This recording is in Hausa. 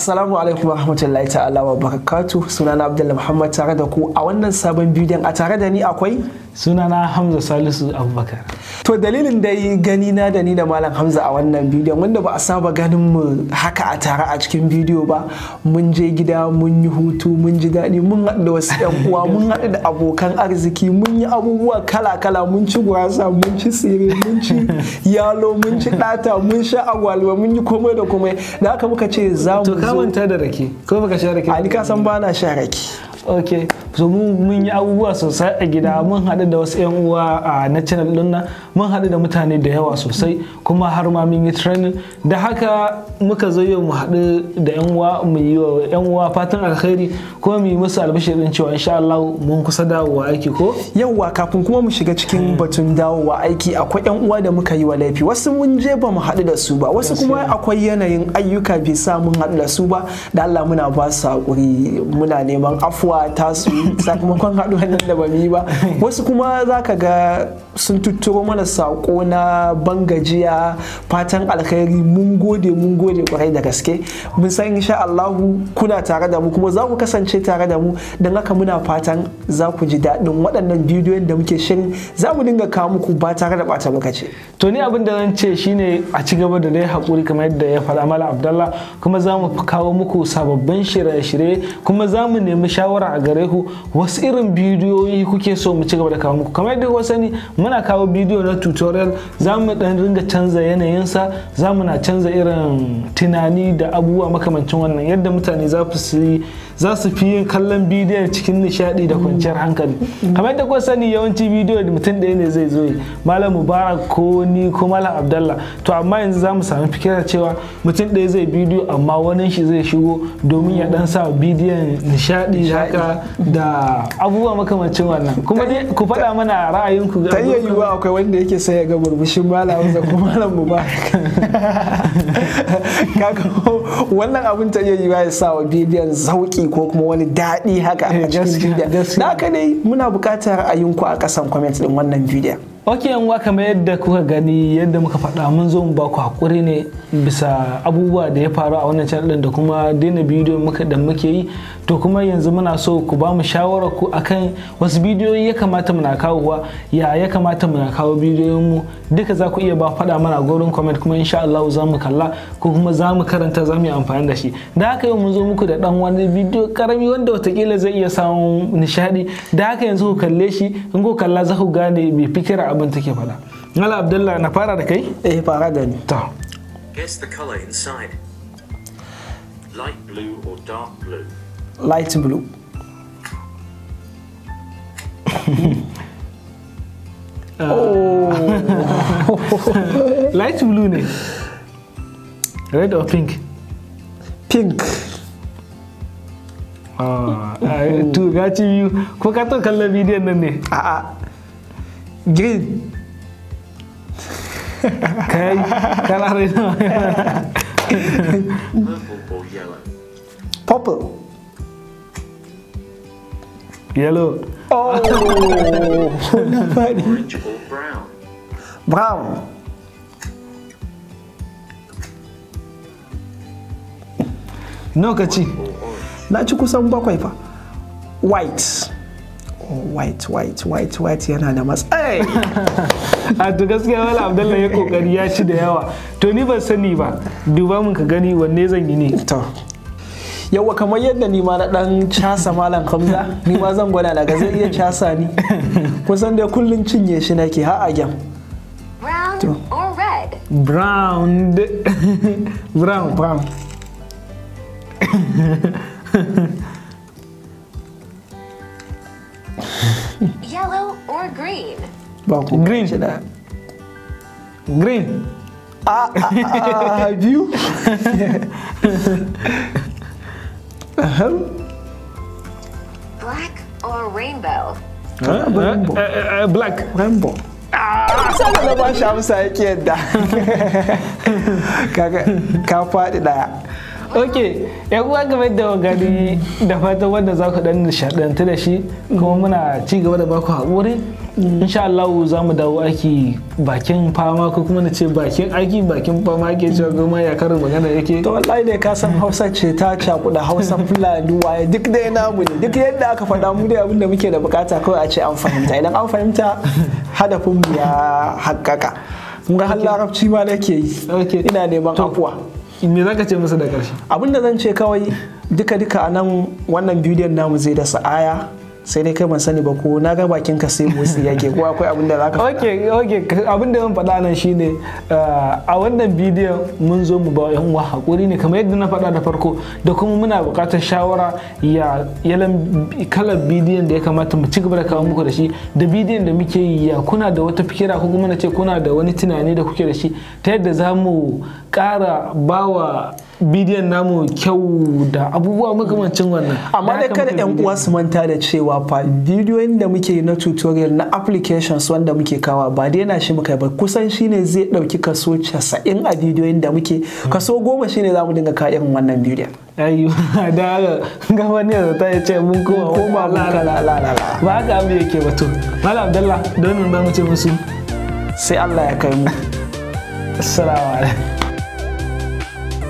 Assalamu alaikum rahmatullahi ta'ala wa barakatu sunana Abdullahi Muhammad tare da ku a wannan sabon bidiyon a tare da ni akwai sunana hamza salisu abubakar to dalilin dai gani na da ni da malam hamza a wannan bidiyon wanda ba a saba ganin mu haka a tare a cikin bidiyo ba mun je gida mun yi hutu mun ji daɗi mun haɗu da wasu yan uwa mun haɗu da abokan arziki mun yi abubuwa kala kala mun ci gurasa mun ci tsire mun ci yalo mun ci ɗata mun sha agwalwa mun yi komai da komai da haka muka ce za mu zo to ka manta da rake ko baka sha rake ani ka san ba na sha rake okay so mun yi abubuwa sosai a gida mun haɗu da wasu 'yan uwa a na channel ɗin nan mun haɗu da mutane da yawa sosai kuma har ma mun yi training da haka muka zo yau mu haɗu da 'yan uwa mu yi wa 'yan uwa fatan alkhairi kuma mu yi musu albashir ɗin cewa insha Allah mun kusa dawowa aiki ko yawwa kafin kuma mu shiga cikin hmm. batun dawowa aiki akwai 'yan uwa da muka yi wa laifi wasu mun je ba mu haɗu da su ba wasu kuma akwai yanayin ayyuka bai sa mun haɗu da su ba da Allah muna ba su haƙuri muna neman afuwa tasu sakamakon haɗu nan da ba yi ba wasu kuma za ka ga sun tutturo mana saƙo na ban gajiya fatan alkhairi mun gode mun gode kwarai da gaske mun san insha Allahu kuna tare da mu kuma za ku kasance tare da mu don haka muna fatan za ku ji daɗin waɗannan bidiyon da muke shirin za mu dinga kawo muku ba tare da ɓata lokaci. to ni abin da zan ce shine a ci gaba da dai haƙuri kamar yadda ya faɗa mala abdallah kuma za mu kawo muku sababbin shirye-shirye kuma za mu nemi shawara a gare ku wasu irin bidiyoyi kuke so mu ci gaba da kawo muku kamar yadda kuka sani muna kawo bidiyo na tutorial za mu dan ringa canza yanayinsa za mu na canza irin tunani da abubuwa makamancin wannan yadda mutane za su yi za su fi kallon bidiyon cikin nishadi da kwanciyar hankali kamar da kuka sani yawanci bidiyo da mutum ɗaya ne zai zo malam mubarak ko ni ko malam abdallah to amma yanzu za mu sami fikirar cewa mutum ɗaya zai bidiyo amma wani shi zai shigo domin ya dan sa bidiyon nishadi haka da abubuwa makamancin wannan kuma ku faɗa mana ra'ayinku ga ta iya yiwuwa akwai wanda yake sai ya ga burbushin malam da kuma malam mubarak kaga wannan abin ta yi yiwuwa ya sa wa bidiyon sauki ko kuma wani daɗi haka a eh, cikin bidiyon. Na haka ne muna buƙatar a yinku a ƙasan comment ɗin wannan bidiyon. ok yan kamar yadda kuka gani yadda muka faɗa mun zo mu ku hakuri ne bisa abubuwa da ya faru a wannan channel da kuma daina bidiyo muka da muke yi to kuma yanzu muna so ku ba mu shawarar ku akan wasu bidiyo ya kamata muna kawo wa ya ya kamata muna kawo bidiyoyin mu duka za ku iya ba faɗa mana gurin comment kuma insha Allah za mu kalla ko kuma za mu karanta za mu yi amfani da shi da haka yau mun zo muku da dan wani bidiyo karami wanda watakila zai iya samun nishadi da haka yanzu ku kalle shi in ku kalla za ku gane mai fikira abin take fada Mala Abdullah na fara da kai? Eh fara da ni. To. Guess the color inside. Light blue or dark blue? Light blue. oh. Light blue ne. Red or pink? Pink. Ah, to gaci biyu. Ko ka to kallon bidiyon nan ne? A'a. Gay. Kay, kalah Reno. Purple. Yellow. Oh, kenapa ini? Orange or brown. Brown. Lokaci. Na ci kusan bakwai fa. White. white white white white yana da matsayi a to gaskiya wala abdalla ya kokari ya ci da yawa to ni ban sani ba duba mun ka gani wanne zan yi ne to yawa kamar yadda ni ma na dan casa malam hamza ni ma zan gwada daga zai iya casa ni kusan da kullun cinye shi nake ha a gyam brown brown brown or green? Bom, com green, né? Green. Ah, ah, ah viu? Black or rainbow? Ah, é, é, é black. Rainbow. Ah, sabe não baixava isso aí que é da. Ka faɗi da ok yan uwa game da gani da fata wanda za ku dan nishadantu da shi kuma muna ci gaba da baku haƙuri insha Allah za mu dawo aiki bakin fama ko kuma na ce bakin aiki bakin fama ke cewa goma ya karin magana yake to wallahi ne ka san Hausa ce ta cakuda Hausa Fulani waye duk dai namu ne duk yadda aka faɗa mu dai abinda muke da bukata kawai a ce an fahimta idan an fahimta hadafin mu ya haƙƙaka kun ga har larabci ma nake yi ina neman afuwa me za ka ce musu da ƙarshe abinda zan ce kawai duka-duka a nan wannan bidiyon namu zai da sa'aya sai dai kai ban sani ba ko na ga bakin ka sai motsi yake ko akwai abin da zaka faɗa oke abin da zan faɗa nan shine uh, a wannan bidiyon mun zo mu ba yan wa hakuri ne kamar yadda na faɗa da farko da kuma muna buƙatar shawara ya yalan kalar bidiyon da ya kamata mu ci gaba da kawo muku da shi da bidiyon da muke yi ya kuna da wata fikira ko kuma na ce kuna da wani tunani da kuke da shi ta yadda za mu ƙara bawa bidiyon namu kyau da abubuwa makamancin wannan amma dai kada yan uwa su manta da cewa fa bidiyoyin da muke na tutorial na applications wanda muke kawa ba dai na shi muka ba kusan shine zai dauki kaso 90 a bidiyoyin da muke kaso 10 shine zamu dinga ka irin wannan bidiyon ayyo da gabaniyar ta ya ce mun kuma koma la ba haka abu yake ba to malam abdullah don nan za mu ce musu sai allah ya kai mu assalamu alaikum